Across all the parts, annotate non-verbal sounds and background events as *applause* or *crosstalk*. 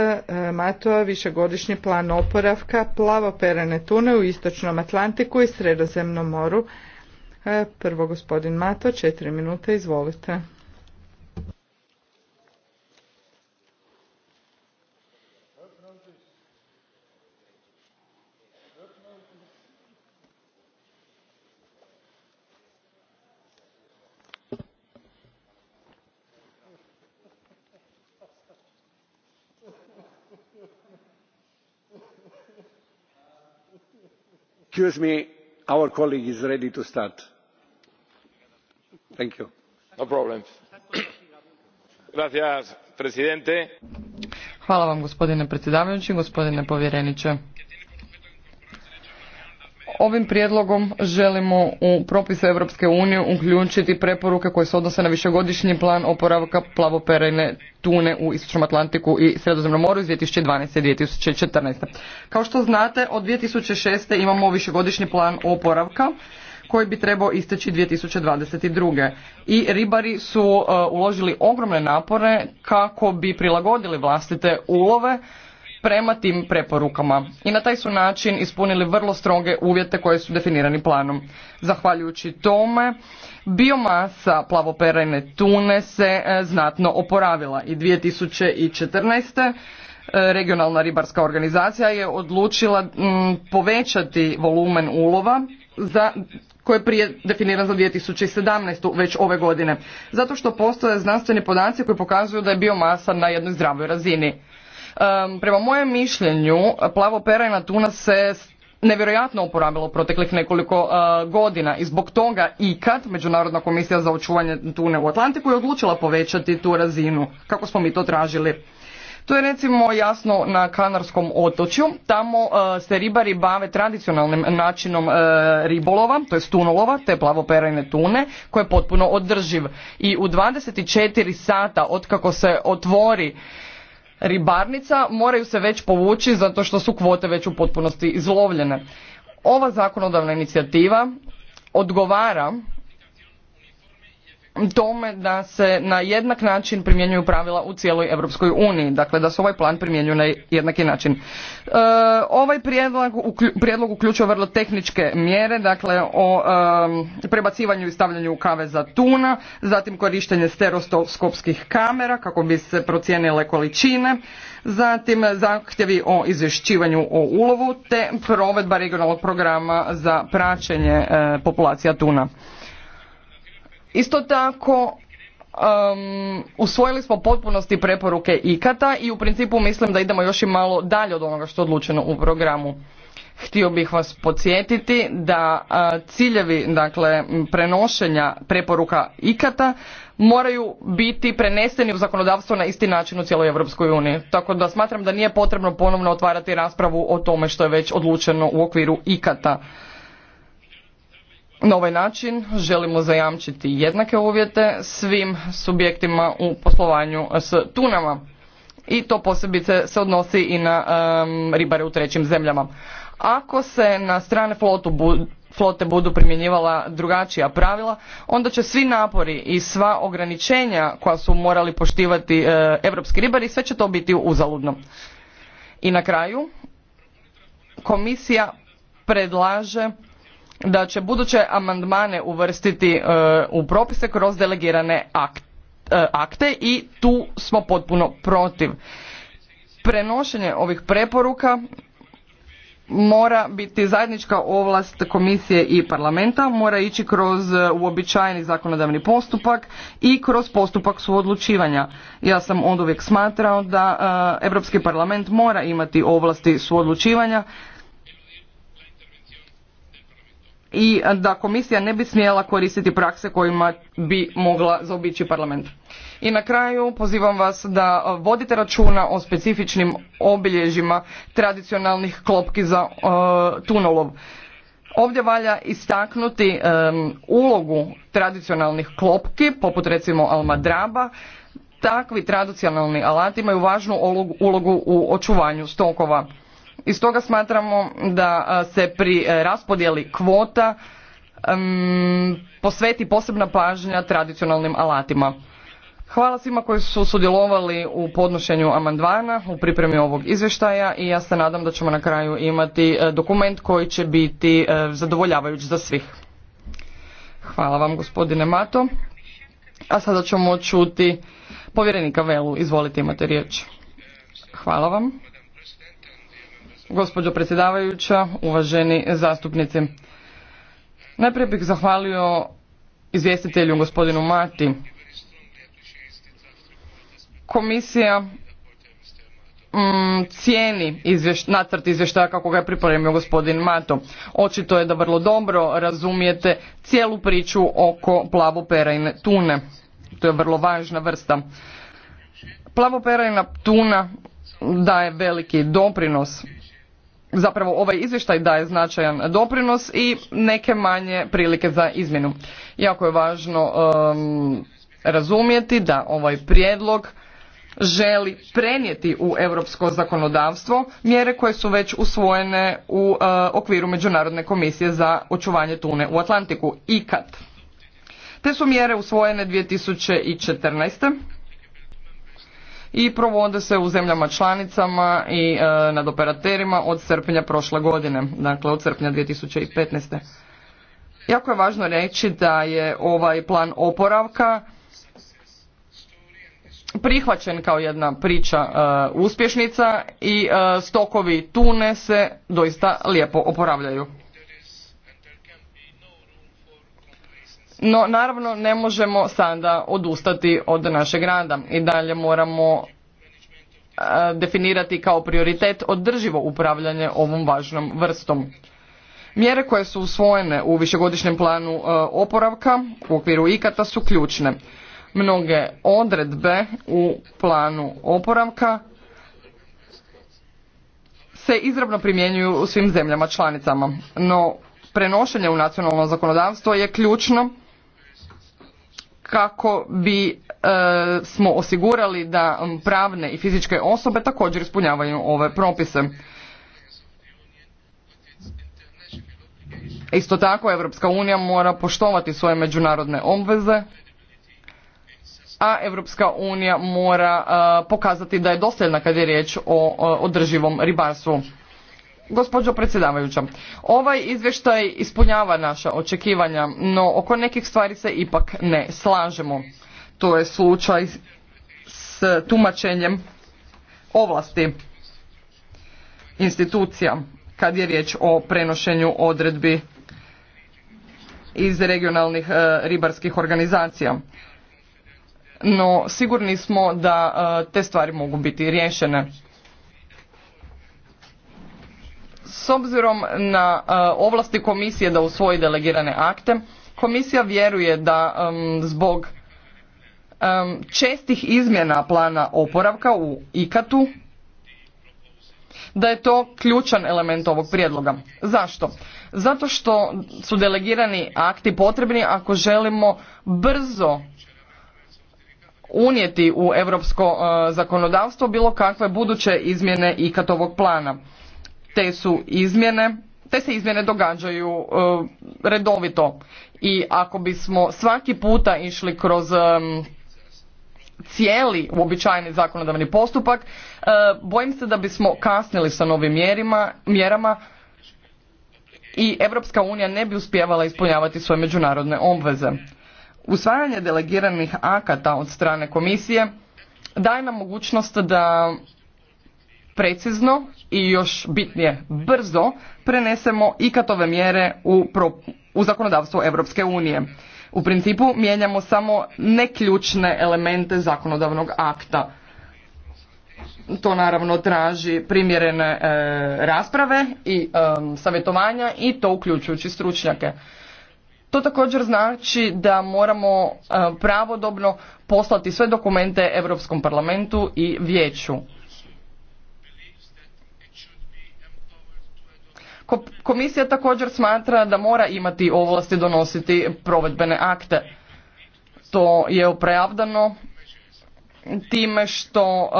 E, Mato, višegodišnji plan oporavka plavoperene tune u istočnom Atlantiku i sredozemnom moru. E, prvo gospodin Mato, četiri minute, izvolite. excuse me our colleague is ready to *coughs* Hvala gospodine predsjedavajući, gospodine povjereniče. Ovim prijedlogom želimo u propise Europske unije uključiti preporuke koje se odnose na višegodišnji plan oporavka plavoperajne tune u Istočnom Atlantiku i Sredozemnom moru iz 2012. i 2014. Kao što znate, od 2006. imamo višegodišnji plan oporavka koji bi trebao isteći 2022. I ribari su e, uložili ogromne napore kako bi prilagodili vlastite ulove prema tim preporukama i na taj su način ispunili vrlo stroge uvjete koje su definirani planom. Zahvaljujući tome, biomasa plavoperajne tune se e, znatno oporavila i 2014 e, regionalna ribarska organizacija je odlučila povećati volumen ulova za koji je prije definiran za 2017. već ove godine. Zato što postoje znanstveni podaci koji pokazuju da je biomasa na jednoj zdravoj razini. Prema mojem mišljenju, plavo perajna tuna se nevjerojatno uporabilo proteklih nekoliko e, godina i zbog toga ikad Međunarodna komisija za očuvanje tune u Atlantiku je odlučila povećati tu razinu kako smo mi to tražili. To je recimo jasno na Kanarskom otočju, tamo e, se ribari bave tradicionalnim načinom e, ribolova, to je tunolova, te plavoperajne tune, koje je potpuno održiv. I u 24 sata od kako se otvori ribarnica moraju se već povući zato što su kvote već u potpunosti izlovljene. Ova zakonodavna inicijativa odgovara tome da se na jednak način primjenjuju pravila u cijeloj Europskoj uniji, dakle da se ovaj plan primjenjuje na jednaki način. E, ovaj prijedlog, uklju, uključuje vrlo tehničke mjere, dakle o prebacivanju i stavljanju kaveza tuna, zatim korištenje stereoskopskih kamera kako bi se procijenile količine, zatim zahtjevi o izvješćivanju o ulovu te provedba regionalnog programa za praćenje e, populacija tuna. Isto tako, um, usvojili smo potpunosti preporuke ikata i u principu mislim da idemo još i malo dalje od onoga što je odlučeno u programu. Htio bih vas podsjetiti da ciljevi dakle, prenošenja preporuka ikata moraju biti preneseni u zakonodavstvo na isti način u cijeloj Europskoj uniji. Tako da smatram da nije potrebno ponovno otvarati raspravu o tome što je već odlučeno u okviru ikata. Na ovaj način želimo zajamčiti jednake uvjete svim subjektima u poslovanju s tunama i to posebice se odnosi i na ribare u trećim zemljama. Ako se na strane flotu flote budu primjenjivala drugačija pravila, onda će svi napori i sva ograničenja koja su morali poštivati e, europski ribari, sve će to biti uzaludno. I na kraju, komisija predlaže da će buduće amandmane uvrstiti e, u propise kroz delegirane e, akte i tu smo potpuno protiv. Prenošenje ovih preporuka mora biti zajednička ovlast komisije i parlamenta, mora ići kroz e, uobičajeni zakonodavni postupak i kroz postupak suodlučivanja. Ja sam od uvijek smatrao da Europski parlament mora imati ovlasti suodlučivanja i da komisija ne bi smjela koristiti prakse kojima bi mogla zaobići parlament. I na kraju pozivam vas da vodite računa o specifičnim obilježjima tradicionalnih klopki za uh, e, tunolov. Ovdje valja istaknuti e, ulogu tradicionalnih klopki, poput recimo almadraba. Takvi tradicionalni alati imaju važnu ulogu u očuvanju stokova i stoga smatramo da se pri e, raspodjeli kvota posveti posebna pažnja tradicionalnim alatima. Hvala svima koji su sudjelovali u podnošenju amandmana, u pripremi ovog izvještaja i ja se nadam da ćemo na kraju imati e, dokument koji će biti e, zadovoljavajući za svih. Hvala vam gospodine Mato. A sada ćemo čuti povjerenika Velu. Izvolite imate riječ. Hvala vam. Gospođo predsjedavajuća, uvaženi zastupnici. Najprije bih zahvalio izvjestitelju gospodinu Mati. Komisija mm, cijeni nacrt izvještaja kako ga je pripremio gospodin Mato. Očito je da vrlo dobro razumijete cijelu priču oko plavoperajne tune. To je vrlo važna vrsta. Plavoperajna tuna daje veliki doprinos zapravo ovaj izvještaj daje značajan doprinos i neke manje prilike za izmjenu. Jako je važno um, razumjeti da ovaj prijedlog želi prenijeti u europsko zakonodavstvo mjere koje su već usvojene u uh, okviru Međunarodne komisije za očuvanje tune u Atlantiku, ICAT. Te su mjere usvojene 2014 i provode se u zemljama članicama i e, nad operaterima od srpnja prošle godine, dakle od srpnja 2015. Jako je važno reći da je ovaj plan oporavka prihvaćen kao jedna priča e, uspješnica i e, stokovi tune se doista lijepo oporavljaju. no naravno ne možemo sada odustati od našeg rada i dalje moramo e, definirati kao prioritet održivo upravljanje ovom važnom vrstom. Mjere koje su usvojene u višegodišnjem planu e, oporavka u okviru ikata su ključne. Mnoge odredbe u planu oporavka se izravno primjenjuju u svim zemljama članicama, no prenošenje u nacionalno zakonodavstvo je ključno kako bi e, smo osigurali da pravne i fizičke osobe također ispunjavaju ove propise. Isto tako Europska unija mora poštovati svoje međunarodne obveze, a Europska unija mora e, pokazati da je dosljedna kad je riječ o održivom ribarstvu. Gospođo predsjedavajuća, ovaj izvještaj ispunjava naša očekivanja, no oko nekih stvari se ipak ne slažemo. To je slučaj s tumačenjem ovlasti institucija kad je riječ o prenošenju odredbi iz regionalnih e, ribarskih organizacija. No sigurni smo da e, te stvari mogu biti riješene. S obzirom na e, ovlasti komisije da usvoji delegirane akte, komisija vjeruje da zbog čestih izmjena plana oporavka u ikatu da je to ključan element ovog prijedloga. Zašto? Zato što su delegirani akti potrebni ako želimo brzo unijeti u europsko e, zakonodavstvo bilo kakve buduće izmjene ikatovog plana te su izmjene te se izmjene događaju e, redovito i ako bismo svaki puta išli kroz e, cijeli uobičajeni zakonodavni postupak e, bojim se da bismo kasnili sa novim mjerima, mjerama i Europska unija ne bi uspjevala ispunjavati svoje međunarodne obveze. Usvajanje delegiranih akata od strane komisije daje nam mogućnost da precizno i još bitnije brzo prenesemo ikatove mjere u, u zakonodavstvo Europske unije. U principu mijenjamo samo neključne elemente zakonodavnog akta. To naravno traži primjerene e, rasprave i e, savjetovanja i to uključujući stručnjake. To također znači da moramo e, pravodobno poslati sve dokumente Europskom parlamentu i vijeću. Komisija također smatra da mora imati ovlasti donositi provedbene akte. To je opravdano time što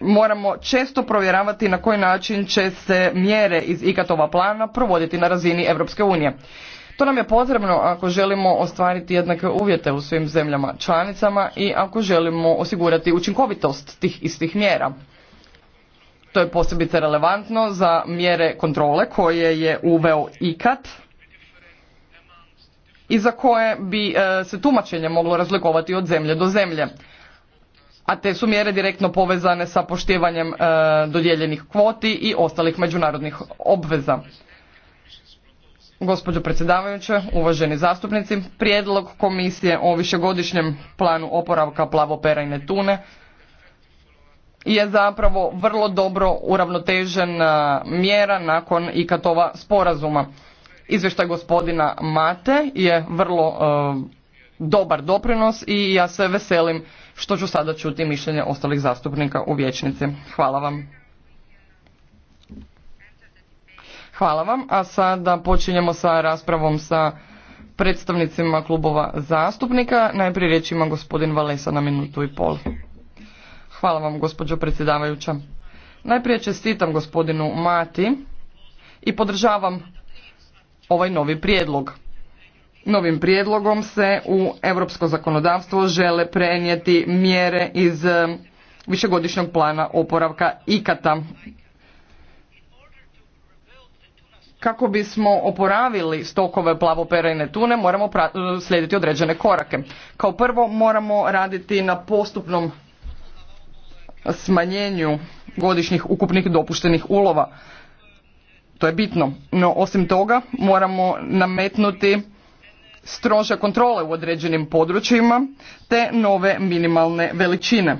moramo često provjeravati na koji način će se mjere iz ikatova plana provoditi na razini Europske unije. To nam je potrebno ako želimo ostvariti jednake uvjete u svim zemljama članicama i ako želimo osigurati učinkovitost tih istih mjera. To je posebice relevantno za mjere kontrole koje je uveo ikad i za koje bi e, se tumačenje moglo razlikovati od zemlje do zemlje. A te su mjere direktno povezane sa poštivanjem e, dodijeljenih kvoti i ostalih međunarodnih obveza. Gospođo predsjedavajuće, uvaženi zastupnici, prijedlog komisije o višegodišnjem planu oporavka plavoperajne tune je zapravo vrlo dobro uravnotežena e, mjera nakon i ikatova sporazuma. Izvještaj gospodina Mate je vrlo e, dobar doprinos i ja se veselim što ću sada čuti mišljenje ostalih zastupnika u vječnici. Hvala vam. Hvala vam, a sada počinjemo sa raspravom sa predstavnicima klubova zastupnika. Najprije riječ ima gospodin Valesa na minutu i pol. Hvala vam, gospođo predsjedavajuća. Najprije čestitam gospodinu Mati i podržavam ovaj novi prijedlog. Novim prijedlogom se u europsko zakonodavstvo žele prenijeti mjere iz eh, višegodišnjeg plana oporavka ikata. Kako bismo oporavili stokove plavoperajne tune, moramo eh, slijediti određene korake. Kao prvo moramo raditi na postupnom smanjenju godišnjih ukupnih dopuštenih ulova. To je bitno. No, osim toga, moramo nametnuti strože kontrole u određenim područjima te nove minimalne veličine.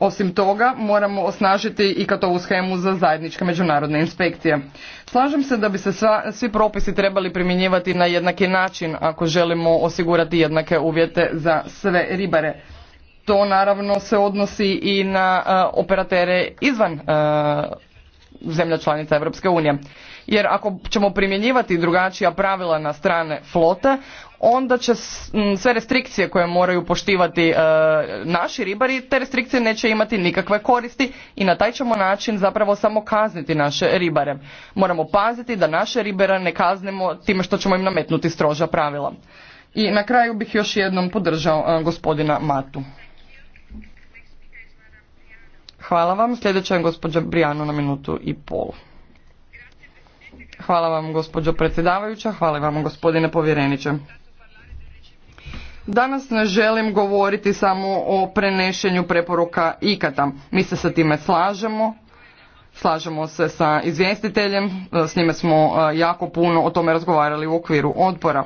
Osim toga, moramo osnažiti i katovu schemu za zajedničke međunarodne inspekcije. Slažem se da bi se svi propisi trebali primjenjivati na jednaki način ako želimo osigurati jednake uvjete za sve ribare. To naravno se odnosi i na uh, operatere izvan uh, zemlja članica Europske unije jer ako ćemo primjenjivati drugačija pravila na strane flote, onda će sve restrikcije koje moraju poštivati e, naši ribari, te restrikcije neće imati nikakve koristi i na taj ćemo način zapravo samo kazniti naše ribare. Moramo paziti da naše ribara ne kaznemo time što ćemo im nametnuti stroža pravila. I na kraju bih još jednom podržao e, gospodina Matu. Hvala vam. Sljedeća je gospođa Brijano na minutu i pol. Hvala vam gospođo predsjedavajuća, hvala vam gospodine povjereniče. Danas ne želim govoriti samo o prenešenju preporuka ikata. Mi se sa time slažemo, slažemo se sa izvjestiteljem, s njime smo e, jako puno o tome razgovarali u okviru odbora.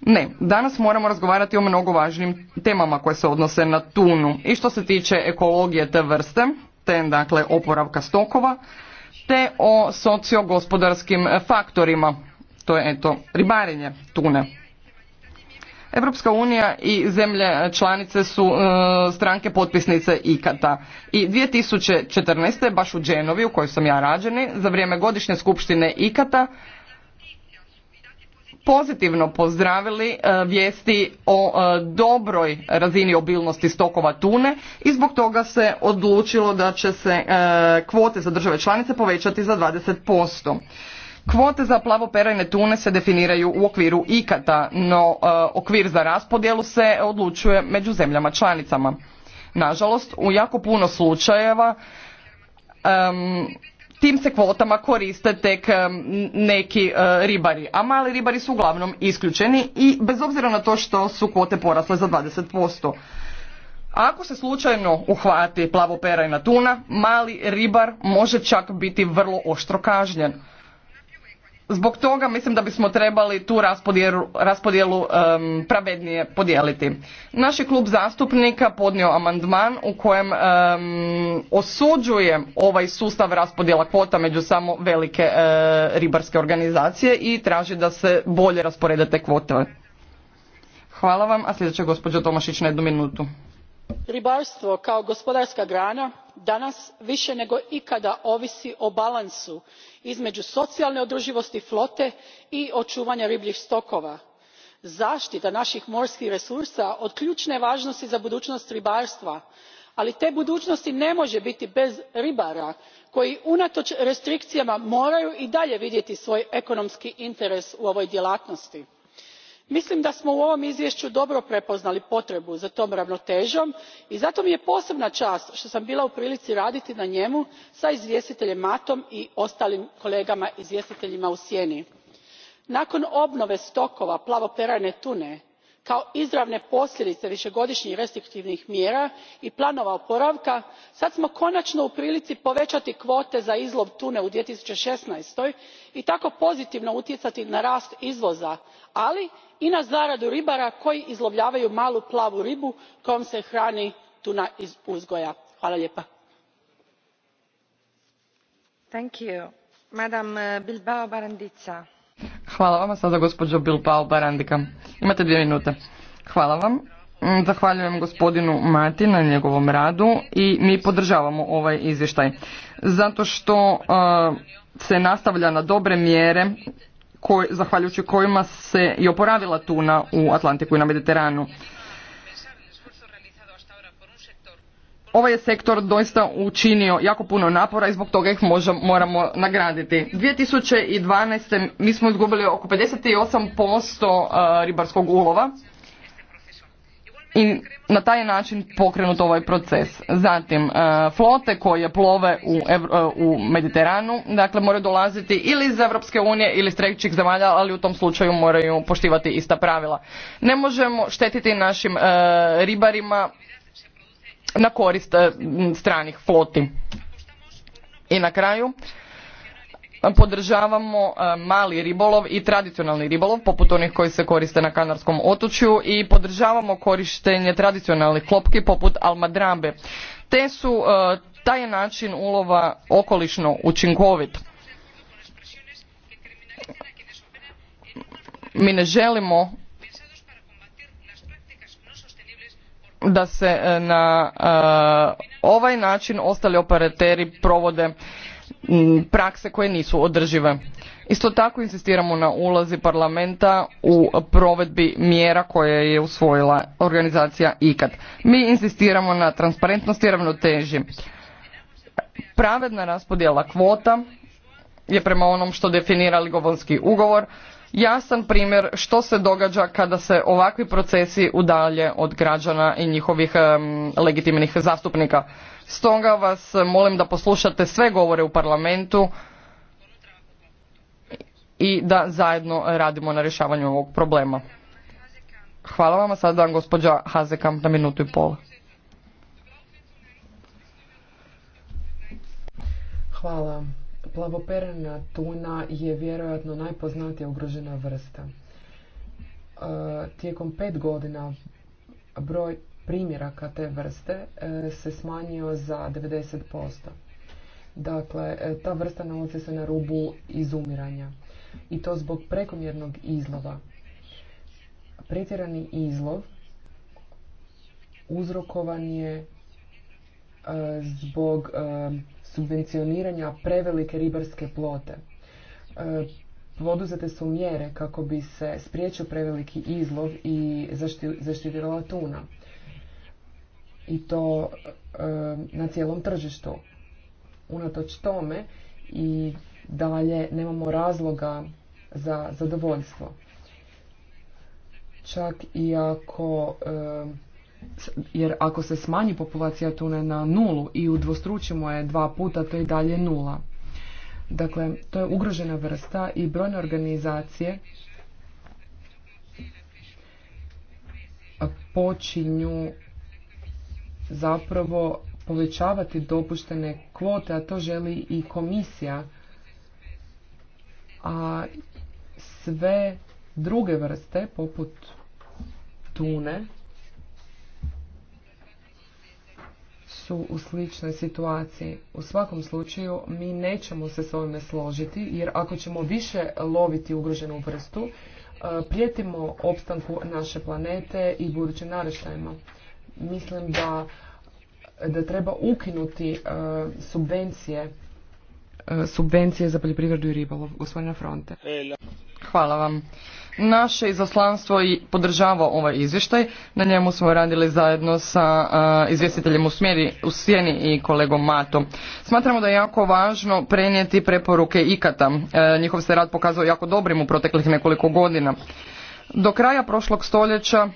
Ne, danas moramo razgovarati o mnogo važnim temama koje se odnose na tunu i što se tiče ekologije te vrste, te dakle oporavka stokova, te o sociogospodarskim faktorima. To je eto ribarenje tune. Europska unija i zemlje članice su e, stranke potpisnice IKATA. I 2014. baš u Dženovi u kojoj sam ja rađeni, za vrijeme godišnje skupštine IKATA pozitivno pozdravili e, vijesti o e, dobroj razini obilnosti stokova tune i zbog toga se odlučilo da će se e, kvote za države članice povećati za 20%. Kvote za plavoperajne tune se definiraju u okviru ikata, no okvir za raspodjelu se odlučuje među zemljama članicama. Nažalost, u jako puno slučajeva tim se kvotama koriste tek neki e, ribari, a mali ribari su uglavnom isključeni i bez obzira na to što su kvote porasle za 20%. Ako se slučajno uhvati na tuna, mali ribar može čak biti vrlo oštro kažnjen. Zbog toga mislim da bismo trebali tu raspodjelu, pravednije podijeliti. Naš je klub zastupnika podnio amandman u kojem osuđuje ovaj sustav raspodjela kvota među samo velike e, ribarske organizacije i traži da se bolje rasporede te kvote. Hvala vam, a sljedeća gospođa Tomašić na jednu minutu. Ribarstvo kao gospodarska grana danas više nego ikada ovisi o balansu između socijalne održivosti flote i očuvanja ribljih stokova. zaštita naših morskih resursa od ključne je važnosti za budućnost ribarstva ali te budućnosti ne može biti bez ribara koji unatoč restrikcijama moraju i dalje vidjeti svoj ekonomski interes u ovoj djelatnosti mislim da smo u ovom izvješću dobro prepoznali potrebu za tom ravnotežom i zato mi je posebna čast što sam bila u prilici raditi na njemu s izvjestiteljem Matom i ostalim kolegama izvjestiteljima u sjeni. nakon obnove stokova plavoperajne tune kao izravne posljedice višegodišnjih restriktivnih mjera i planova oporavka sad smo konačno u prilici povećati kvote za izlov tune u. two thousand and sixteen i tako pozitivno utjecati na rast izvoza ali i na zaradu ribara koji izlovljavaju malu plavu ribu kojom se hrani tuna iz uzgoja. Eh, Hvala vam, sada gospođo Bilbao Barandika. Imate dvije minute. Hvala vam. Mm, Zahvaljujem gospodinu Mati na njegovom radu i mi podržavamo ovaj izvještaj. Zato što e, se nastavlja na dobre mjere zahvaljujući kojima se i oporavila tuna u Atlantiku i na Mediteranu. Ovaj je sektor doista učinio jako puno napora i zbog toga ih možemo moramo nagraditi. 2012. mi smo izgubili oko 58% e, ribarskog ulova i na taj način pokrenut ovaj proces. Zatim, e, flote koje plove u, e, u Mediteranu, dakle, moraju dolaziti ili iz Evropske unije ili iz trećih zemalja, ali u tom slučaju moraju poštivati ista pravila. Ne možemo štetiti našim ribarima na korist eh, stranih floti. I na kraju podržavamo eh, mali ribolov i tradicionalni ribolov poput onih koji se koriste na Kanarskom otočju i podržavamo korištenje tradicionalnih klopki poput almadrambe. Te su eh, taj je način ulova okolišno učinkovit. Mi ne želimo da se e, na e, ovaj način ostali operateri provode prakse koje nisu održive. Isto tako insistiramo na ulazi parlamenta u provedbi mjera koje je usvojila organizacija ikad Mi insistiramo na transparentnosti i ravnoteži. Pravedna raspodjela kvota je prema onom što definira Ligovonski ugovor jasan primjer što se događa kada se ovakvi procesi udalje od građana i njihovih legitimnih zastupnika. Stoga vas molim da poslušate sve govore u parlamentu i da zajedno radimo na rješavanju ovog problema. Hvala vam, a sada gospođa Hazekamp na minutu i pol. Hvala. Plavoperena tuna je vjerojatno najpoznatija ugrožena vrsta. E, tijekom pet godina broj primjeraka te vrste e, se smanjio za 90%. Dakle, e, ta vrsta nalazi se na rubu izumiranja i to zbog prekomjernog izlova. Pretjerani izlov uzrokovan je zbog subvencioniranja prevelike ribarske plote. E, poduzete su mjere kako bi se spriječio preveliki izlov i zašti, tuna. I to e, na cijelom tržištu. Unatoč tome i dalje nemamo razloga za zadovoljstvo. Čak i ako e, jer ako se smanji populacija tune na nulu i udvostručimo je dva puta, to je i dalje nula. Dakle, to je ugrožena vrsta i brojne organizacije počinju zapravo povećavati dopuštene kvote, a to želi i komisija. A sve druge vrste, poput tune, u sličnoj situaciji. U svakom slučaju mi nećemo se s ovime složiti jer ako ćemo više loviti ugroženu vrstu, e, prijetimo opstanku naše planete i budućim naraštajima. Mislim da, da treba ukinuti e, subvencije e, subvencije za poljoprivredu i ribolov. Gospodina Fronte. Hvala vam. Naše izaslanstvo i podržava ovaj izvještaj. Na njemu smo radili zajedno sa izvjestiteljem u, smjeri, u Sjeni i kolegom Mato. Smatramo da je jako važno prenijeti preporuke ikata. E, njihov se rad pokazao jako dobrim u proteklih nekoliko godina. Do kraja prošlog stoljeća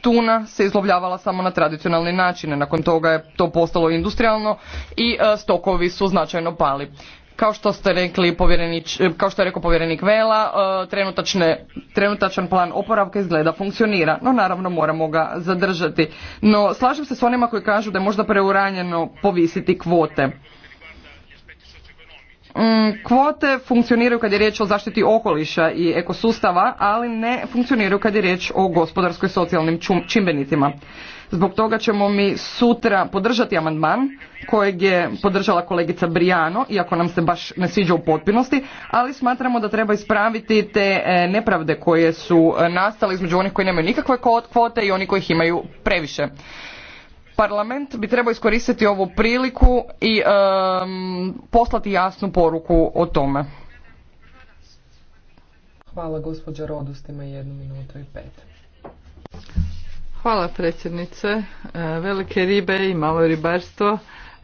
tuna se izlovljavala samo na tradicionalni način. Nakon toga je to postalo industrijalno i e, stokovi su značajno pali. Kao što ste rekli, eh, kao što je rekao povjerenik Vela, eh, trenutačan plan oporavka izgleda funkcionira, no naravno moramo ga zadržati. No slažem se s onima koji kažu da je možda preuranjeno povisiti kvote. Mm, kvote funkcioniraju kad je riječ o zaštiti okoliša i ekosustava, ali ne funkcioniraju kad je riječ o gospodarskoj socijalnim čimbenicima. Zbog toga ćemo mi sutra podržati amandman kojeg je podržala kolegica Brijano, iako nam se baš ne sviđa u potpunosti, ali smatramo da treba ispraviti te e, nepravde koje su e, nastale između onih koji nemaju nikakve kvote i oni ih imaju previše. Parlament bi trebao iskoristiti ovu priliku i poslati jasnu poruku o tome. Hvala gospođa Rodustima jednu minutu i pet. Hvala predsjednice. E, velike ribe i malo ribarstvo.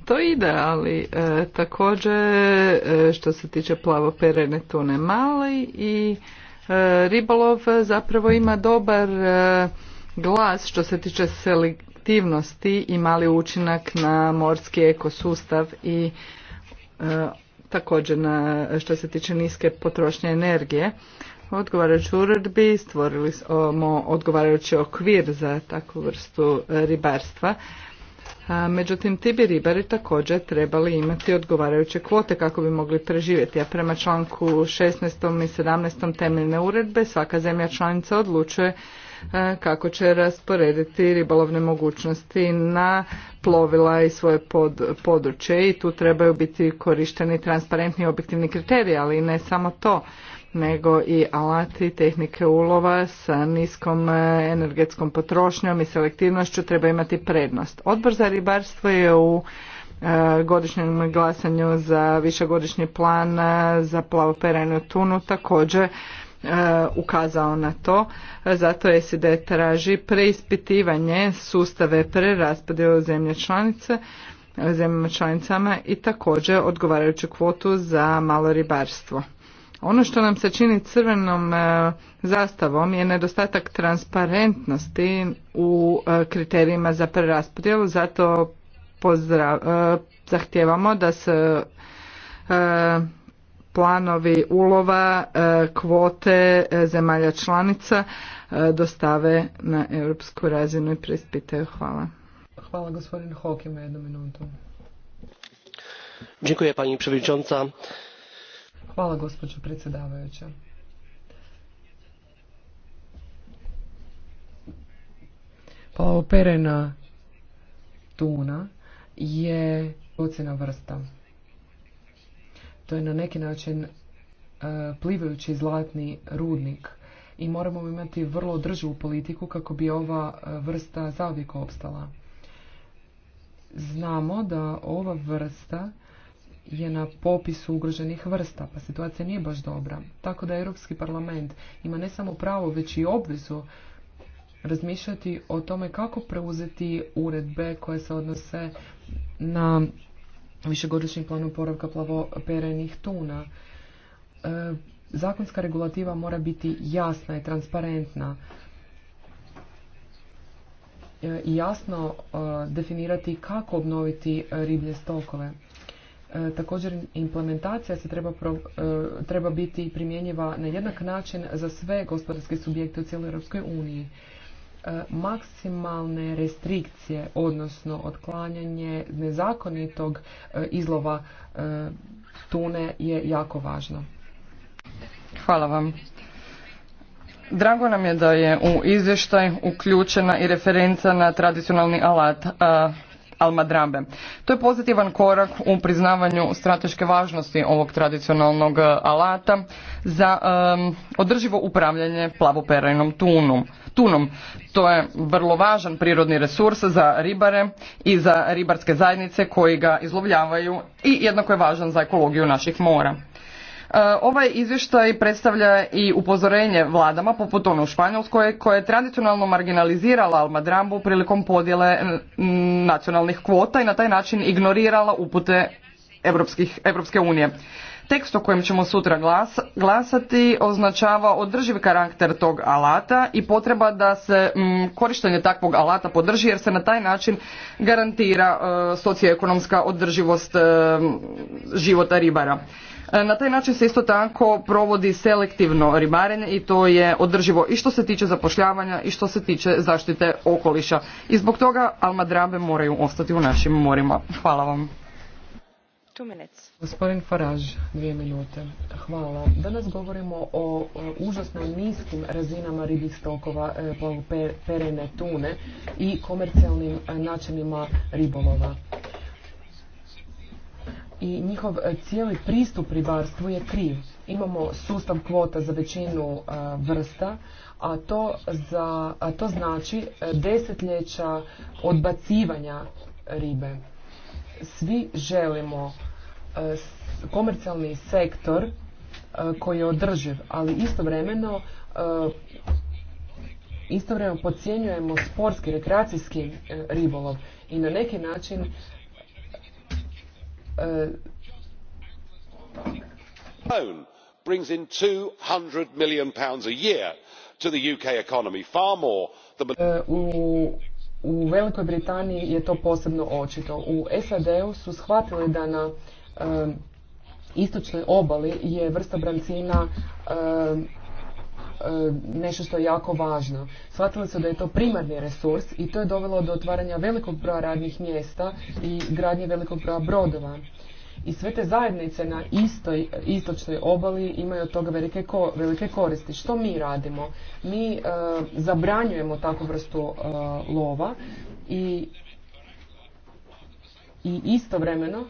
To ide, ali e, također e, što se tiče plavo perene tune mali i ribolov zapravo ima dobar glas što se tiče selektivnosti i mali učinak na morski ekosustav i također na što se tiče niske potrošnje energije. Odgovarajući uredbi stvorili smo odgovarajući okvir za takvu vrstu e, ribarstva. A, međutim, ti bi ribari također trebali imati odgovarajuće kvote kako bi mogli preživjeti, a prema članku 16. i 17. temeljne uredbe svaka zemlja članica odlučuje e, kako će rasporediti ribolovne mogućnosti na plovila i svoje pod, područje i tu trebaju biti korišteni transparentni i objektivni kriteriji, ali ne samo to nego i alati tehnike ulova sa niskom e, energetskom potrošnjom i selektivnošću treba imati prednost. Odbor za ribarstvo je u e, godišnjem glasanju za višegodišnji plan e, za plavoperajnu tunu također ukazao na to. Zato SID traži preispitivanje sustave preraspodjele zemlje članice zemljama članicama i također odgovarajuću kvotu za malo ribarstvo. Ono što nam se čini crvenom e, zastavom je nedostatak transparentnosti u e, kriterijima za preraspodjelu, zato pozdrav, e, zahtjevamo da se planovi ulova, kvote zemalja članica dostave na europsku razinu i prespitaju. Hvala. Hvala gospodin jednu minutu. Dziękuję pani przewodnicząca. Hvala gospođo predsjedavajuća. Pa operena tuna je ocjena vrsta. To je na neki način e, plivajući zlatni rudnik i moramo imati vrlo održivu politiku kako bi ova e, vrsta zauvijek opstala. Znamo da ova vrsta je na popisu ugroženih vrsta, pa situacija nije baš dobra. Tako da Europski parlament ima ne samo pravo, već i obvezu razmišljati o tome kako preuzeti uredbe koje se odnose na višegodišnji plan oporavka plavoperenih tuna. E, zakonska regulativa mora biti jasna i transparentna e, i jasno e, definirati kako obnoviti riblje stokove. E, također implementacija se treba, pro, e, treba biti primjenjiva na jednak način za sve gospodarske subjekte u cijeloj Europskoj uniji. E, maksimalne restrikcije, odnosno otklanjanje nezakonitog izlova tune je jako važno. Hvala vam. Drago nam je da je u izvještaj uključena i referenca na tradicionalni alat Almadrabe. To je pozitivan korak u priznavanju strateške važnosti ovog tradicionalnog e, alata za održivo upravljanje plavoperajnom tunom. tunom. To je vrlo važan prirodni resurs za ribare i za ribarske zajednice koji ga izlovljavaju i jednako je važan za ekologiju naših mora. E, ovaj izvještaj predstavlja i upozorenje vladama poput one u Španjolskoj koja je tradicionalno marginalizirala Almadrambu prilikom podjele nacionalnih kvota i na taj način ignorirala upute Evropskih, Evropske unije. Tekst o kojem ćemo sutra glasati označava održiv karakter tog alata i potreba da se korištenje takvog alata podrži jer se na taj način garantira e, socioekonomska održivost e, života ribara. E, na taj način se isto tako provodi selektivno ribarenje i to je održivo i što se tiče zapošljavanja i što se tiče zaštite okoliša. I zbog toga almadrabe moraju ostati u našim morima. Hvala vam. Gospodin Faraž, dvije minute. Hvala. Danas govorimo o, užasno niskim razinama ribih stokova, e, perene tune i komercijalnim e, načinima ribolova i njihov e, cijeli pristup ribarstvu je kriv. Imamo sustav kvota za većinu e, vrsta, a to, za, a to znači e, desetljeća odbacivanja ribe. Svi želimo komercijalni sektor koji je održiv, ali istovremeno istovremeno podcjenjujemo sportski, rekreacijski ribolov i na neki način Ehm, brings in two hundred million pounds a year to the UK economy, far more than ehm, u, u Velikoj Britaniji je to posebno oito U SAD-u su shvatili da na ehm, istonoj obali je vrsta brancina E, nešto što je jako važno. Shvatili su da je to primarni resurs i to je dovelo do otvaranja velikog broja radnih mjesta i gradnje velikog broja brodova. I sve te zajednice na istoj, istočnoj obali imaju od toga velike, velike koristi. Što mi radimo? Mi e, zabranjujemo takvu vrstu e, lova i, i istovremeno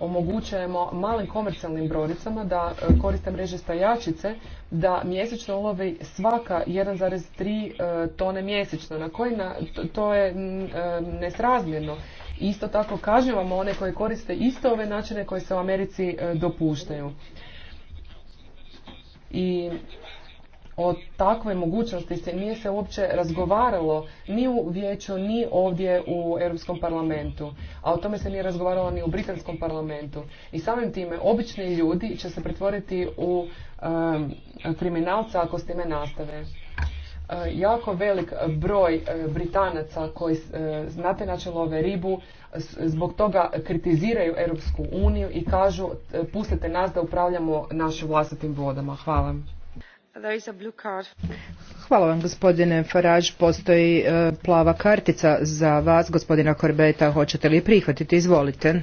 omogućujemo malim komercijalnim brodicama da e, koriste mreže stajačice da mjesečno ulovi svaka 1,3 e, tone mjesečno. Na koji na, to je e, nesrazmjerno. Isto tako kažnjavamo one koje koriste isto ove načine koje se u Americi dopuštaju. I o takvoj mogućnosti se nije se uopće razgovaralo ni u vijeću, ni ovdje u Europskom parlamentu. A o tome se nije razgovaralo ni u Britanskom parlamentu. I samim time, obični ljudi će se pretvoriti u um, kriminalca ako s time nastave. E, jako velik broj e, Britanaca koji znate na način love ribu zbog toga kritiziraju Europsku uniju i kažu e, pustite nas da upravljamo našim vlastitim vodama. Hvala. Hvala vam gospodine Farage, postoji e, plava kartica za vas, gospodina Korbeta, hoćete li prihvatiti, izvolite.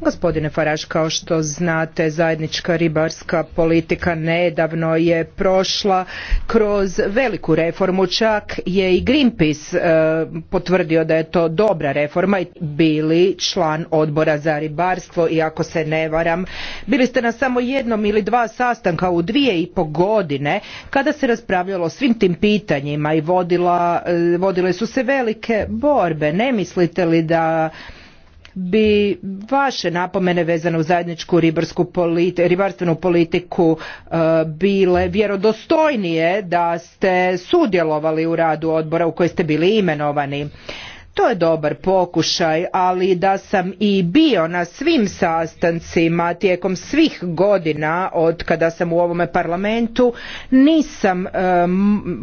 Gospodine Faraš, kao što znate, zajednička ribarska politika nedavno je prošla kroz veliku reformu, čak je i Greenpeace e, potvrdio da je to dobra reforma i bili član odbora za ribarstvo i ako se ne varam, bili ste na samo jednom ili dva sastanka u dvije i po godine kada se raspravljalo o svim tim pitanjima i vodila, e, vodile su se velike borbe. Ne mislite li da bi vaše napomene vezane u zajedničku ribarsku ribarstvenu politiku e, bile vjerodostojnije da ste sudjelovali u radu odbora u koji ste bili imenovani. To je dobar pokušaj, ali da sam i bio na svim sastancima tijekom svih godina od kada sam u ovome parlamentu, nisam e,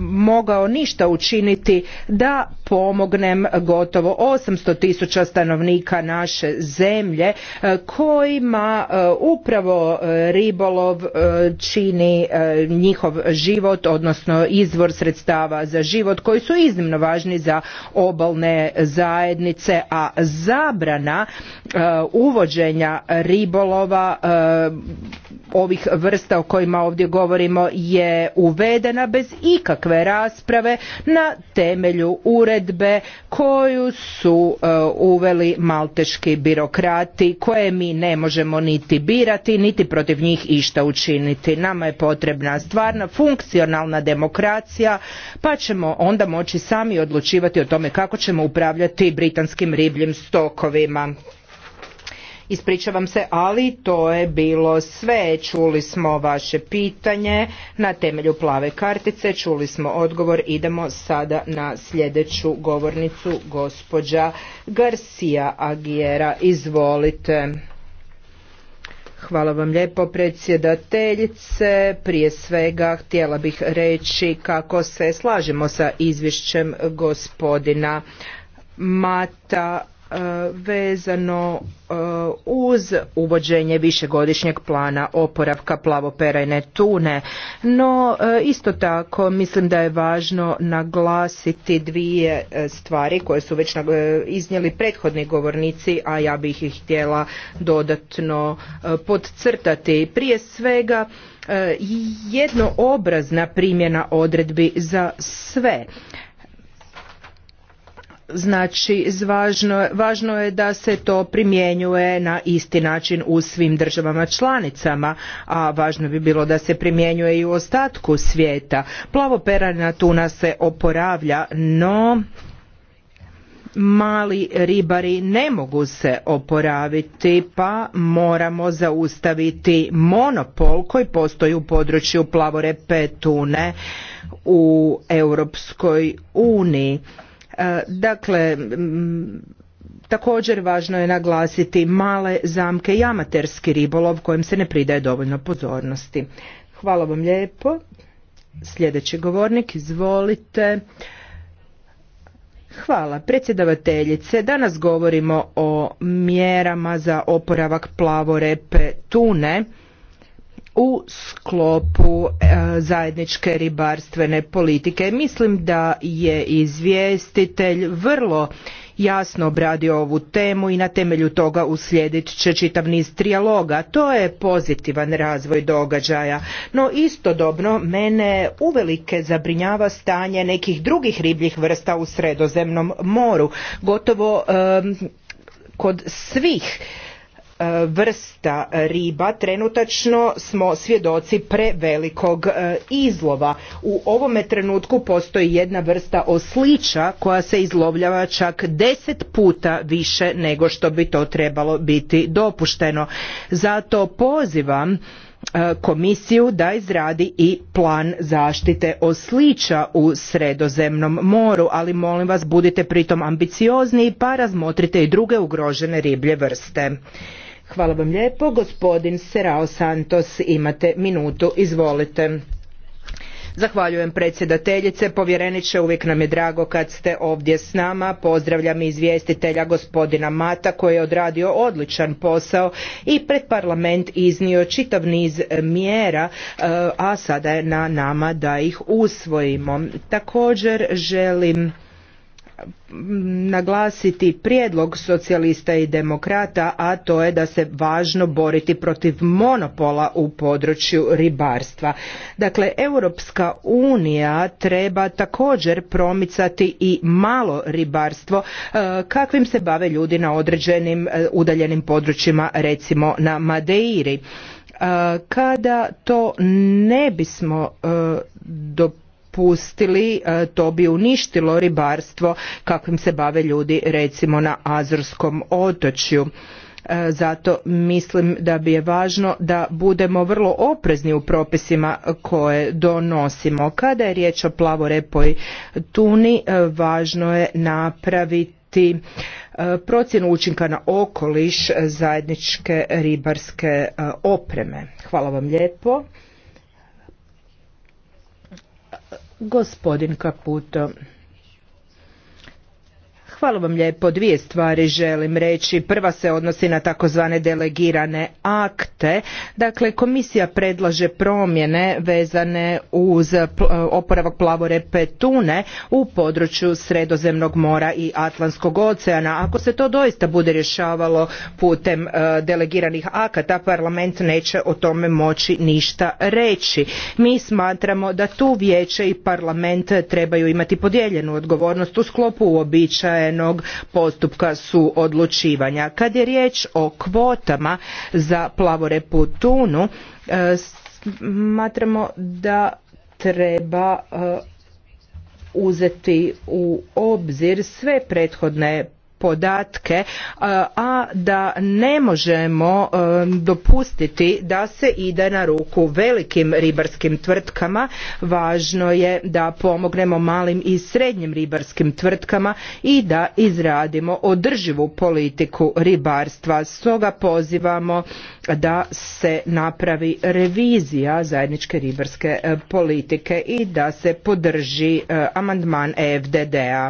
mogao ništa učiniti da pomognem gotovo osamsto tisuća stanovnika naše zemlje e, kojima e, upravo ribolov čini njihov život, odnosno izvor sredstava za život koji su iznimno važni za obalne zajednice, a zabrana e, uvođenja ribolova e, ovih vrsta o kojima ovdje govorimo je uvedena bez ikakve rasprave na temelju uredbe koju su e, uveli malteški birokrati koje mi ne možemo niti birati niti protiv njih išta učiniti. Nama je potrebna stvarna funkcionalna demokracija pa ćemo onda moći sami odlučivati o tome kako ćemo upravljati britanskim ribljim stokovima. Ispričavam se, ali to je bilo sve. Čuli smo vaše pitanje na temelju plave kartice, čuli smo odgovor. Idemo sada na sljedeću govornicu, gospođa Garcia Agiera. Izvolite. Hvala vam lijepo predsjedateljice. Prije svega htjela bih reći kako se slažemo sa izvješćem gospodina Mata E, vezano e, uz uvođenje višegodišnjeg plana oporavka plavoperajne tune. No, e, isto tako mislim da je važno naglasiti dvije stvari koje su već iznijeli prethodni govornici, a ja bih ih htjela dodatno podcrtati. Prije svega, jednoobrazna primjena odredbi za sve znači važno je da se to primjenjuje na isti način u svim državama članicama a važno bi bilo da se primjenjuje i u ostatku svijeta perana tuna se oporavlja no mali ribari ne mogu se oporaviti pa moramo zaustaviti monopol koji postoji u području plavore tune u Europskoj uniji E, dakle, također važno je naglasiti male zamke i amaterski ribolov kojem se ne pridaje dovoljno pozornosti. Hvala vam lijepo. Sljedeći govornik, izvolite. Hvala predsjedavateljice. Danas govorimo o mjerama za oporavak plavorepe tune u sklopu e, zajedničke ribarstvene politike. Mislim da je izvjestitelj vrlo jasno obradio ovu temu i na temelju toga uslijedit će čitav niz trijaloga. To je pozitivan razvoj događaja, no istodobno mene uvelike zabrinjava stanje nekih drugih ribljih vrsta u sredozemnom moru. Gotovo kod svih E, vrsta riba trenutačno smo svjedoci prevelikog e, izlova u ovome trenutku postoji jedna vrsta oslića koja se izlovljava čak deset puta više nego što bi to trebalo biti dopušteno zato pozivam e, komisiju da izradi i plan zaštite oslića u sredozemnom moru ali molim vas budite pritom ambiciozni pa razmotrite i druge ugrožene riblje vrste Hvala vam lijepo. Gospodin Serao Santos, imate minutu. Izvolite. Zahvaljujem predsjedateljice, povjereniče, uvijek nam je drago kad ste ovdje s nama. Pozdravljam izvjestitelja gospodina Mata koji je odradio odličan posao i pred parlament iznio čitav niz mjera, eh, a sada je na nama da ih usvojimo. Također želim naglasiti prijedlog socijalista i demokrata, a to je da se važno boriti protiv monopola u području ribarstva. Dakle, Europska unija treba također promicati i malo ribarstvo e, kakvim se bave ljudi na određenim e, udaljenim područjima, recimo na Madeiri. E, kada to ne bismo dopustili, pustili e, to bi uništilo ribarstvo kakvim se bave ljudi recimo na Azorskom otočju e, zato mislim da bi je važno da budemo vrlo oprezni u propisima koje donosimo. Kada je riječ o plavorepoj tuni, e, važno je napraviti procjenu učinka na okoliš zajedničke ribarske opreme. Hvala vam lijepo. Gospodin Kaputo. Hvala vam lijepo. Dvije stvari želim reći. Prva se odnosi na takozvane delegirane akte. Dakle, komisija predlaže promjene vezane uz oporavak plavore Petune u području Sredozemnog mora i Atlantskog oceana. Ako se to doista bude rješavalo putem e, delegiranih akata, parlament neće o tome moći ništa reći. Mi smatramo da tu vijeće i parlament trebaju imati podijeljenu odgovornost u sklopu uobičaja PZP-nog postupka su odlučivanja. Kad je riječ o kvotama za plavore tunu, e, smatramo da treba e, uzeti u obzir sve prethodne podatke, e, a da ne možemo e, dopustiti da se ide na ruku velikim ribarskim tvrtkama. Važno je da pomognemo malim i srednjim ribarskim tvrtkama i da izradimo održivu politiku ribarstva. Stoga pozivamo da se napravi revizija zajedničke ribarske e, politike i da se podrži amandman EFDD-a.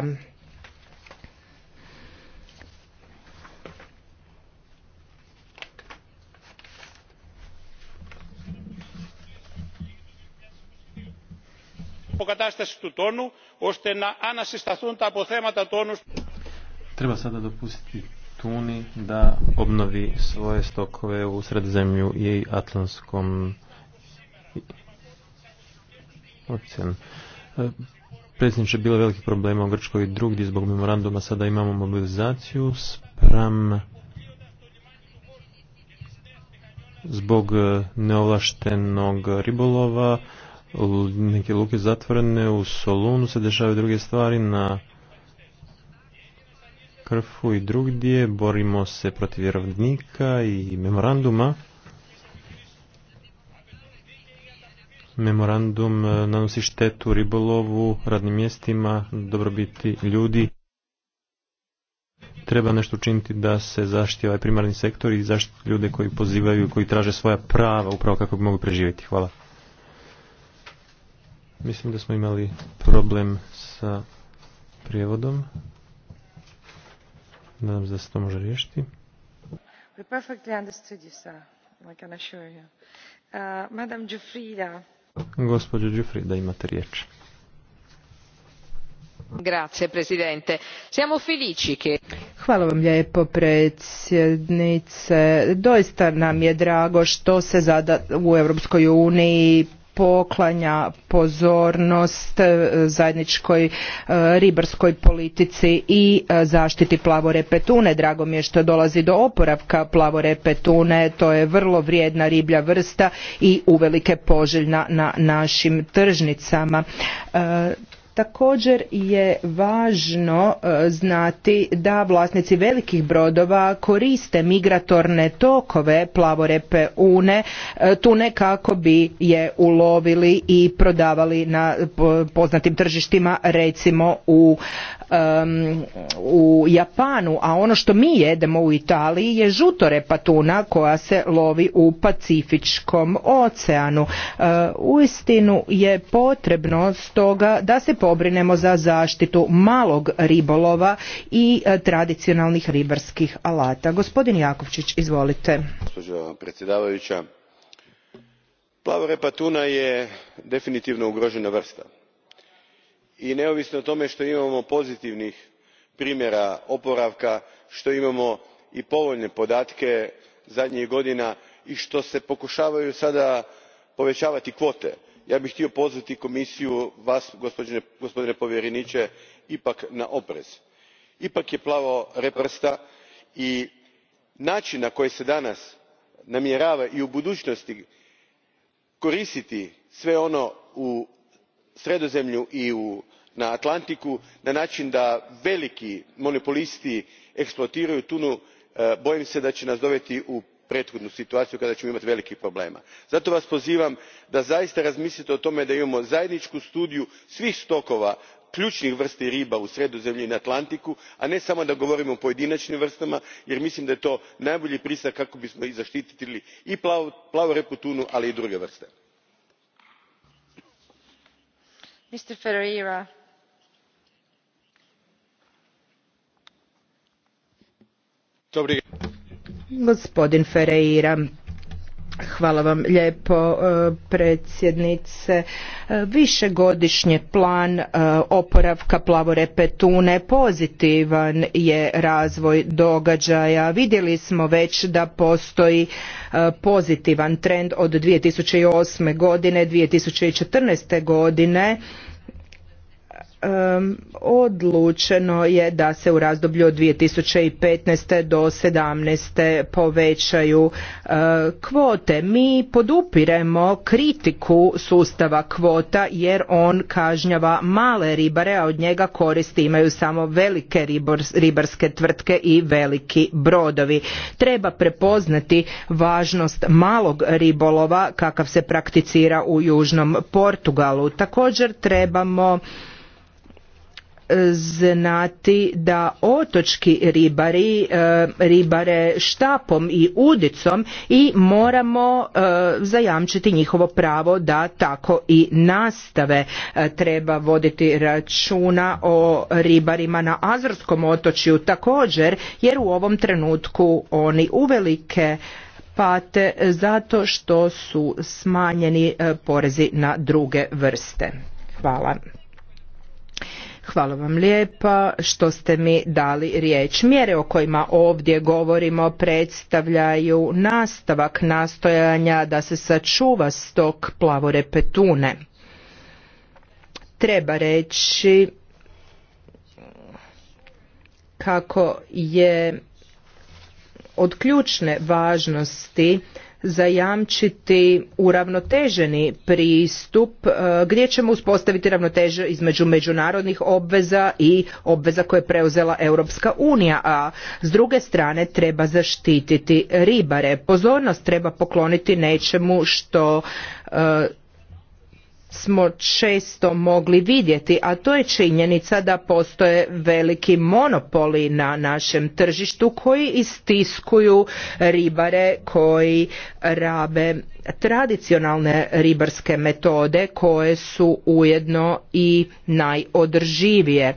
tonu του na ana να ανασυσταθούν τα αποθέματα tonu Treba sada dopustiti tuni da obnovi svoje stokove u sredozemlju i Atlantskom oceanu. E, predsjedniče, bilo velikih problema u Grčkoj i drugdje zbog memoranduma. Sada imamo mobilizaciju spram zbog e, neovlaštenog ribolova neke luke zatvorene, u Solunu se dešavaju druge stvari, na Krfu i drugdje, borimo se protiv vjerovnika i memoranduma. Memorandum eh, nanosi štetu ribolovu, radnim mjestima, dobrobiti ljudi. Treba nešto učiniti da se zaštiti ovaj primarni sektor i zaštiti ljude koji pozivaju koji traže svoja prava upravo kako bi mogli preživjeti. Hvala. Mislim da smo imali problem sa prijevodom. Nadam se da se to može riješiti. We perfectly understood you, sir. I can assure you. Uh, Madam Giuffrida. Gospodju Giuffrida, imate riječ. Grazie, presidente. Siamo felici che... Hvala vam lijepo predsjednice. Doista nam je drago što se zada u Europskoj uniji poklanja pozornost e, zajedničkoj e, ribarskoj politici i e, zaštiti plavorepe tune. Drago mi je što dolazi do oporavka plavore tune, to je vrlo vrijedna riblja vrsta i uvelike poželjna na našim tržnicama. Također je važno e, znati da vlasnici velikih brodova koriste migratorne tokove plavorepe une, e, tune kako bi je ulovili i prodavali na poznatim tržištima recimo u, u Japanu, a ono što mi jedemo u Italiji je žutorepa tuna koja se lovi u Pacifičkom oceanu. E, uistinu je potrebno stoga da se pobrinemo za zaštitu malog ribolova i e, tradicionalnih ribarskih alata. Gospodin Jakovčić, izvolite. Gospođo predsjedavajuća, repa tuna je definitivno ugrožena vrsta i neovisno o tome što imamo pozitivnih primjera oporavka što imamo i povoljne podatke zadnjih godina i što se pokušavaju sada povećavati kvote ja bih htio pozvati komisiju vas gospodine povjereniče ipak na oprez. ipak je plavo reprsta i način na koji se danas namjerava i u budućnosti koristiti sve ono u sredozemlju i na atlantiku na način da veliki monopolisti eksploatiraju tunu e, bojim se da će nas dovesti u prethodnu situaciju kada ćemo imati velikih problema. zato vas pozivam da zaista razmislite o tome da imamo zajedničku studiju svih stokova ključnih vrsti riba u sredozemlju i na atlantiku a ne samo da govorimo o pojedinačnim vrstama jer mislim da je to najbolji pristup kako bismo i zaštitili i repu tunu ali i druge vrste. Gospodin Ferreira. Hvala vam lijepo e, predsjednice. E, višegodišnji plan e, oporavka plavorepetune pozitivan je razvoj događaja. Vidjeli smo već da postoji pozitivan trend od 2008. godine, 2014. godine odlučeno je da se u razdoblju od 2015. do 2017. povećaju e, kvote. Mi podupiremo kritiku sustava kvota jer on kažnjava male ribare, a od njega koristi imaju samo velike ribarske tvrtke i veliki brodovi. Treba prepoznati važnost malog ribolova kakav se prakticira u Južnom Portugalu. Također trebamo znati da otočki ribari e, ribare štapom i udicom i moramo e, zajamčiti njihovo pravo da tako i nastave. E, treba voditi računa o ribarima na Azorskom otočju također jer u ovom trenutku oni uvelike pate zato što su smanjeni porezi na druge vrste. Hvala. Hvala vam lijepa što ste mi dali riječ. Mjere o kojima ovdje govorimo predstavljaju nastavak nastojanja da se sačuva stok plavore petune. Treba reći kako je od ključne važnosti zajamčiti uravnoteženi pristup e, gdje ćemo uspostaviti ravnotežu između međunarodnih obveza i obveza koje je preuzela Europska unija, a s druge strane treba zaštititi ribare. Pozornost treba pokloniti nečemu što e, smo često mogli vidjeti, a to je činjenica da postoje veliki monopoli na našem tržištu koji istiskuju ribare koji rabe tradicionalne ribarske metode koje su ujedno i najodrživije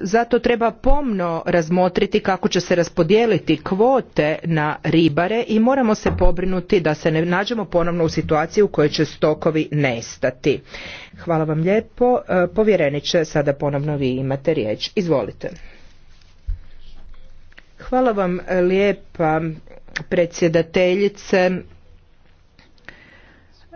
zato treba pomno razmotriti kako će se raspodijeliti kvote na ribare i moramo se pobrinuti da se ne nađemo ponovno u situaciji u kojoj će stokovi nestati. Hvala vam lijepo. E, povjereniče, sada ponovno vi imate riječ. Izvolite. Hvala vam lijepa predsjedateljice.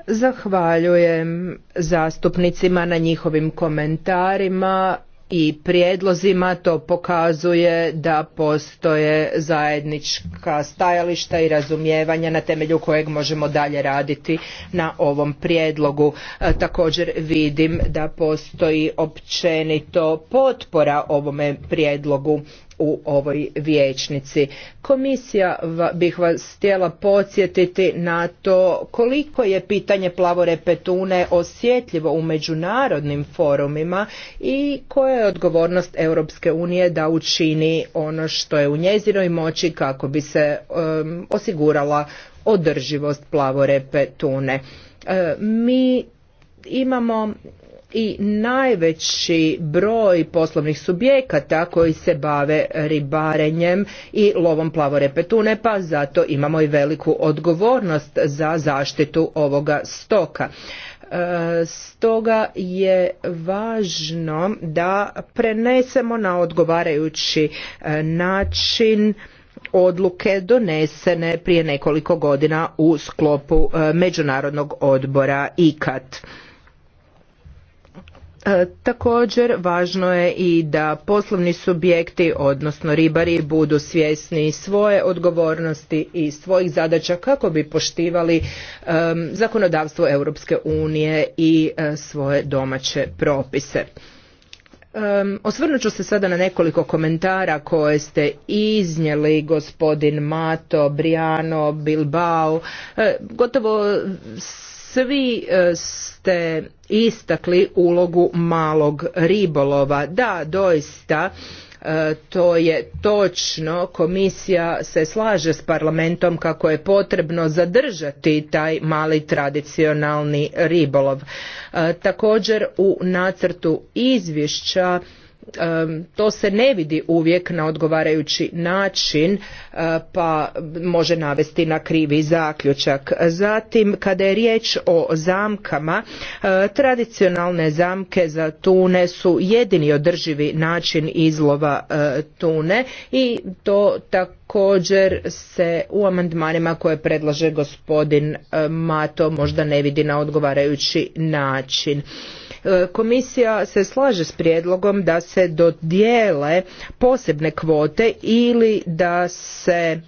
Zahvaljujem zastupnicima na njihovim komentarima i prijedlozima to pokazuje da postoje zajednička stajališta i razumijevanja na temelju kojeg možemo dalje raditi na ovom prijedlogu. E, također vidim da postoji općenito potpora ovome prijedlogu u ovoj vijećnici. Komisija bih vas htjela podsjetiti na to koliko je pitanje plavore petune osjetljivo u međunarodnim forumima i koja je odgovornost Europske unije da učini ono što je u njezinoj moći kako bi se osigurala održivost plavore petune. E, mi imamo i najveći broj poslovnih subjekata koji se bave ribarenjem i lovom plavorepetune pa zato imamo i veliku odgovornost za zaštitu ovoga stoka. E, stoga je važno da prenesemo na odgovarajući e, način odluke donesene prije nekoliko godina u sklopu e, Međunarodnog odbora ICAT. E, također važno je i da poslovni subjekti, odnosno ribari, budu svjesni svoje odgovornosti i svojih zadaća kako bi poštivali e, zakonodavstvo Europske unije i e, svoje domaće propise. Um, osvrnut ću se sada na nekoliko komentara koje ste iznijeli gospodin Mato, Briano, Bilbao, uh, gotovo svi e, ste istakli ulogu malog ribolova. Da, doista e, to je točno komisija se slaže s parlamentom kako je potrebno zadržati taj mali tradicionalni ribolov e, također u nacrtu izvješća to se ne vidi uvijek na odgovarajući način e, pa može navesti na krivi zaključak. Zatim kada je riječ o zamkama, e, tradicionalne zamke za tune su jedini održivi način izlova e, tune i to također se u amandmanima koje predlaže gospodin Mato možda ne vidi na odgovarajući način. E, komisija se slaže s prijedlogom da se dodijele posebne kvote ili da se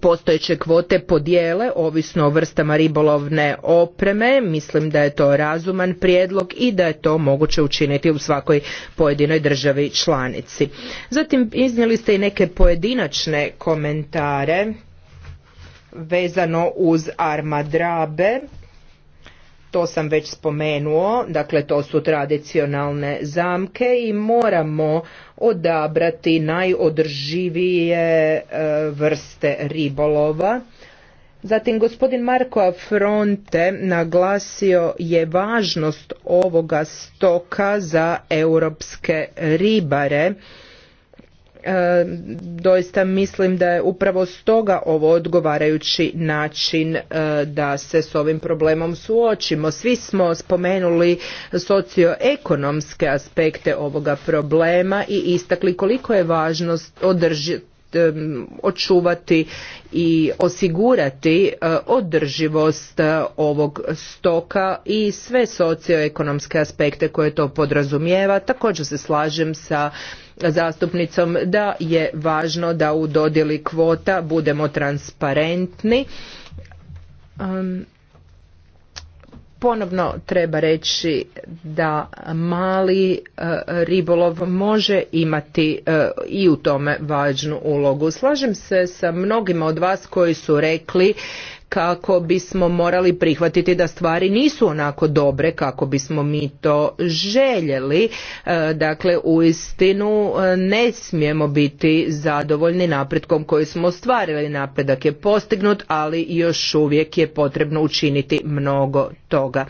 postojeće kvote podijele ovisno o vrstama ribolovne opreme mislim da je to razuman prijedlog i da je to moguće učiniti u svakoj pojedinoj državi članici zatim iznijeli ste i neke pojedinačne komentare vezano uz armadrabe to sam već spomenuo, dakle to su tradicionalne zamke i moramo odabrati najodrživije e, vrste ribolova. Zatim gospodin Marko Afronte naglasio je važnost ovoga stoka za europske ribare E, doista mislim da je upravo stoga ovo odgovarajući način e, da se s ovim problemom suočimo. Svi smo spomenuli socioekonomske aspekte ovoga problema i istakli koliko je važnost e, očuvati i osigurati održivost ovog stoka i sve socioekonomske aspekte koje to podrazumijeva. Također se slažem sa zastupnicom da je važno da u dodjeli kvota budemo transparentni. Um, ponovno treba reći da mali uh, ribolov može imati uh, i u tome važnu ulogu. Slažem se sa mnogima od vas koji su rekli kako bismo morali prihvatiti da stvari nisu onako dobre kako bismo mi to željeli. E, dakle, u istinu e, ne smijemo biti zadovoljni napretkom koji smo ostvarili. Napredak je postignut, ali još uvijek je potrebno učiniti mnogo toga.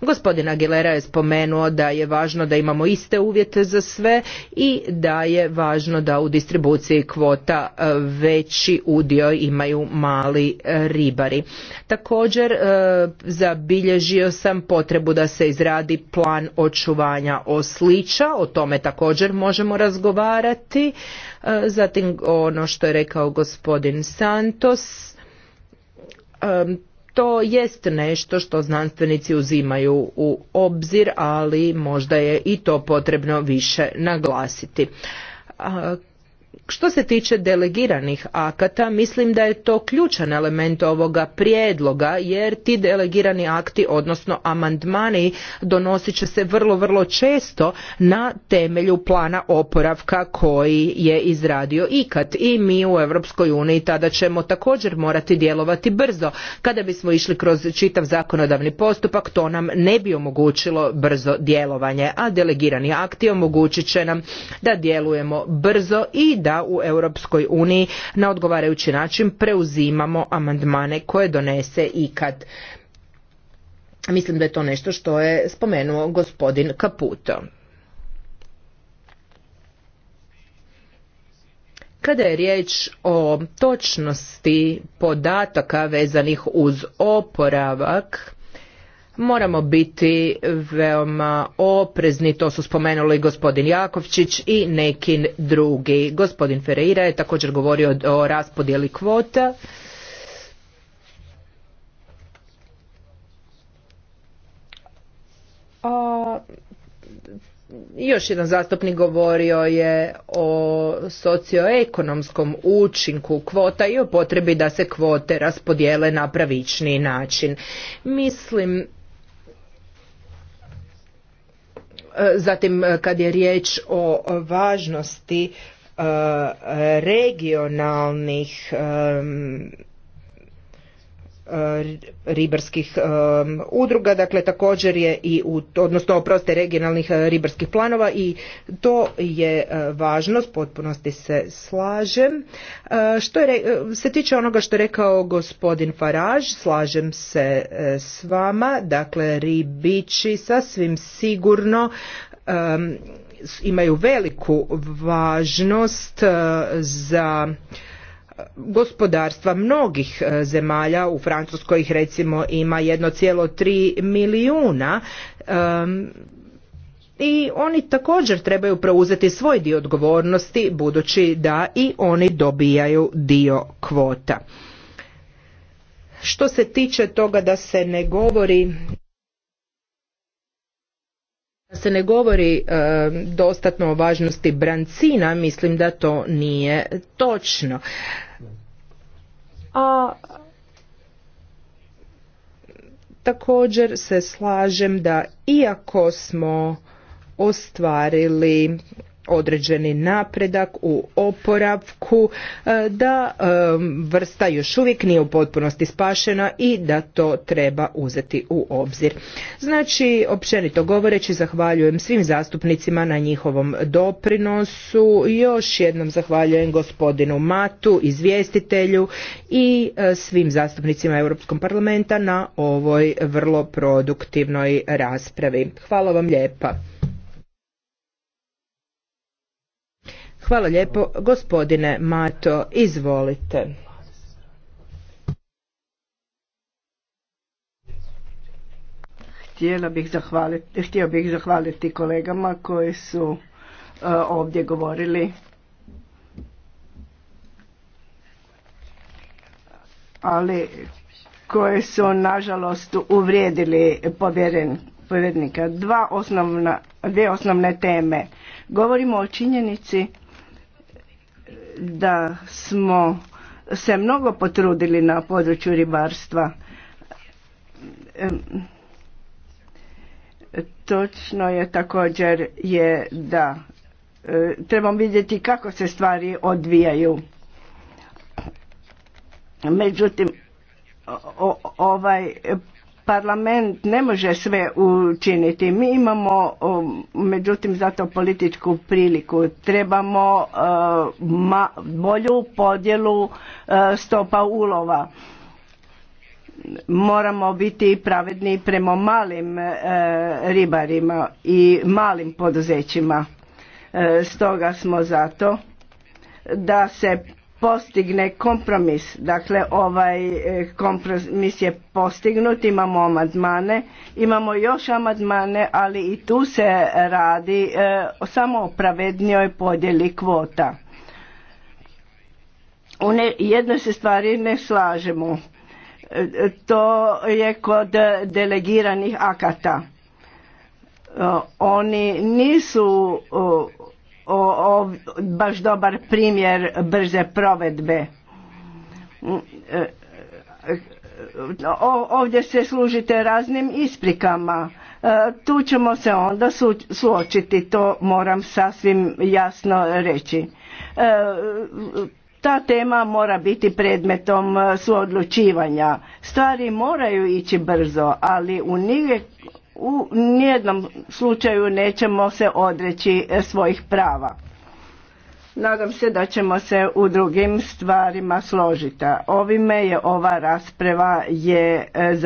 Gospodin Aguilera je spomenuo da je važno da imamo iste uvjete za sve i da je važno da u distribuciji kvota e, veći udio imaju mali ribari. Također e, zabilježio sam potrebu da se izradi plan očuvanja oslića, o tome također možemo razgovarati. E, zatim ono što je rekao gospodin Santos, e, to jest nešto što znanstvenici uzimaju u obzir, ali možda je i to potrebno više naglasiti. Što se tiče delegiranih akata, mislim da je to ključan element ovoga prijedloga, jer ti delegirani akti, odnosno amandmani, donosit će se vrlo, vrlo često na temelju plana oporavka koji je izradio ikad. I mi u Europskoj uniji tada ćemo također morati djelovati brzo. Kada bismo išli kroz čitav zakonodavni postupak, to nam ne bi omogućilo brzo djelovanje, a delegirani akti omogućit će nam da djelujemo brzo i da u Europskoj uniji na odgovarajući način preuzimamo amandmane koje donese ikad. Mislim da je to nešto što je spomenuo gospodin Kaputo. Kada je riječ o točnosti podataka vezanih uz oporavak, Moramo biti veoma oprezni, to su spomenuli gospodin Jakovčić i neki drugi. Gospodin Ferreira je također govorio o raspodjeli kvota. A, još jedan zastupnik govorio je o socioekonomskom učinku kvota i o potrebi da se kvote raspodijele na pravičniji način. Mislim Zatim e, kad je riječ o važnosti e, regionalnih ribarskih udruga, dakle također je i odnosno oproste regionalnih eh, ribarskih planova i to je eh, važno, s potpunosti se slažem. Eh, što se tiče onoga što je rekao gospodin Faraž, slažem se s vama, dakle ribiči sasvim sigurno imaju veliku važnost za gospodarstva mnogih e, zemalja u Francuskoj ih recimo ima 1,3 milijuna i oni također trebaju preuzeti svoj dio odgovornosti budući da i oni dobijaju dio kvota. Što se tiče toga da se ne govori da se ne govori dostatno o važnosti brancina, mislim da to nije točno a također se slažem da iako smo ostvarili određeni napredak u oporavku, e, da e, vrsta još uvijek nije u potpunosti spašena i da to treba uzeti u obzir. Znači, općenito govoreći, zahvaljujem svim zastupnicima na njihovom doprinosu. Još jednom zahvaljujem gospodinu Matu, izvjestitelju i e, svim zastupnicima Europskog parlamenta na ovoj vrlo produktivnoj raspravi. Hvala vam lijepa. Hvala lijepo. Gospodine Mato, izvolite. Htjela bih zahvaliti, htio bih zahvaliti kolegama koji su e, ovdje govorili. Ali koje su nažalost uvrijedili povjeren, povjerenika. Dva dvije osnovne teme. Govorimo o činjenici da smo se mnogo potrudili na području ribarstva. Točno je također je da e, trebamo vidjeti kako se stvari odvijaju. Međutim, ovaj parlament ne može sve učiniti. Mi imamo, međutim, zato političku priliku. Trebamo e, bolju podjelu e, stopa ulova. Moramo biti pravedni prema malim e, ribarima i malim poduzećima. Stoga smo zato da se postigne kompromis. Dakle, ovaj eh, kompromis je postignut, imamo amandmane, imamo još amandmane, ali i tu se radi eh, samo o pravednijoj podjeli kvota. U jednoj se stvari ne slažemo. Eh, to je kod delegiranih akata. Oni nisu o, baš dobar primjer brze provedbe. Mm, e, e, ovdje se služite raznim isprikama. E, tu ćemo se onda su, suočiti, to moram sasvim jasno reći. Ta tema mora biti predmetom suodlučivanja. Stvari moraju ići brzo, ali u nije u nijednom slučaju nećemo se odreći e, svojih prava. Nadam se da ćemo se u drugim stvarima složiti. Ovime je ova rasprava je e, za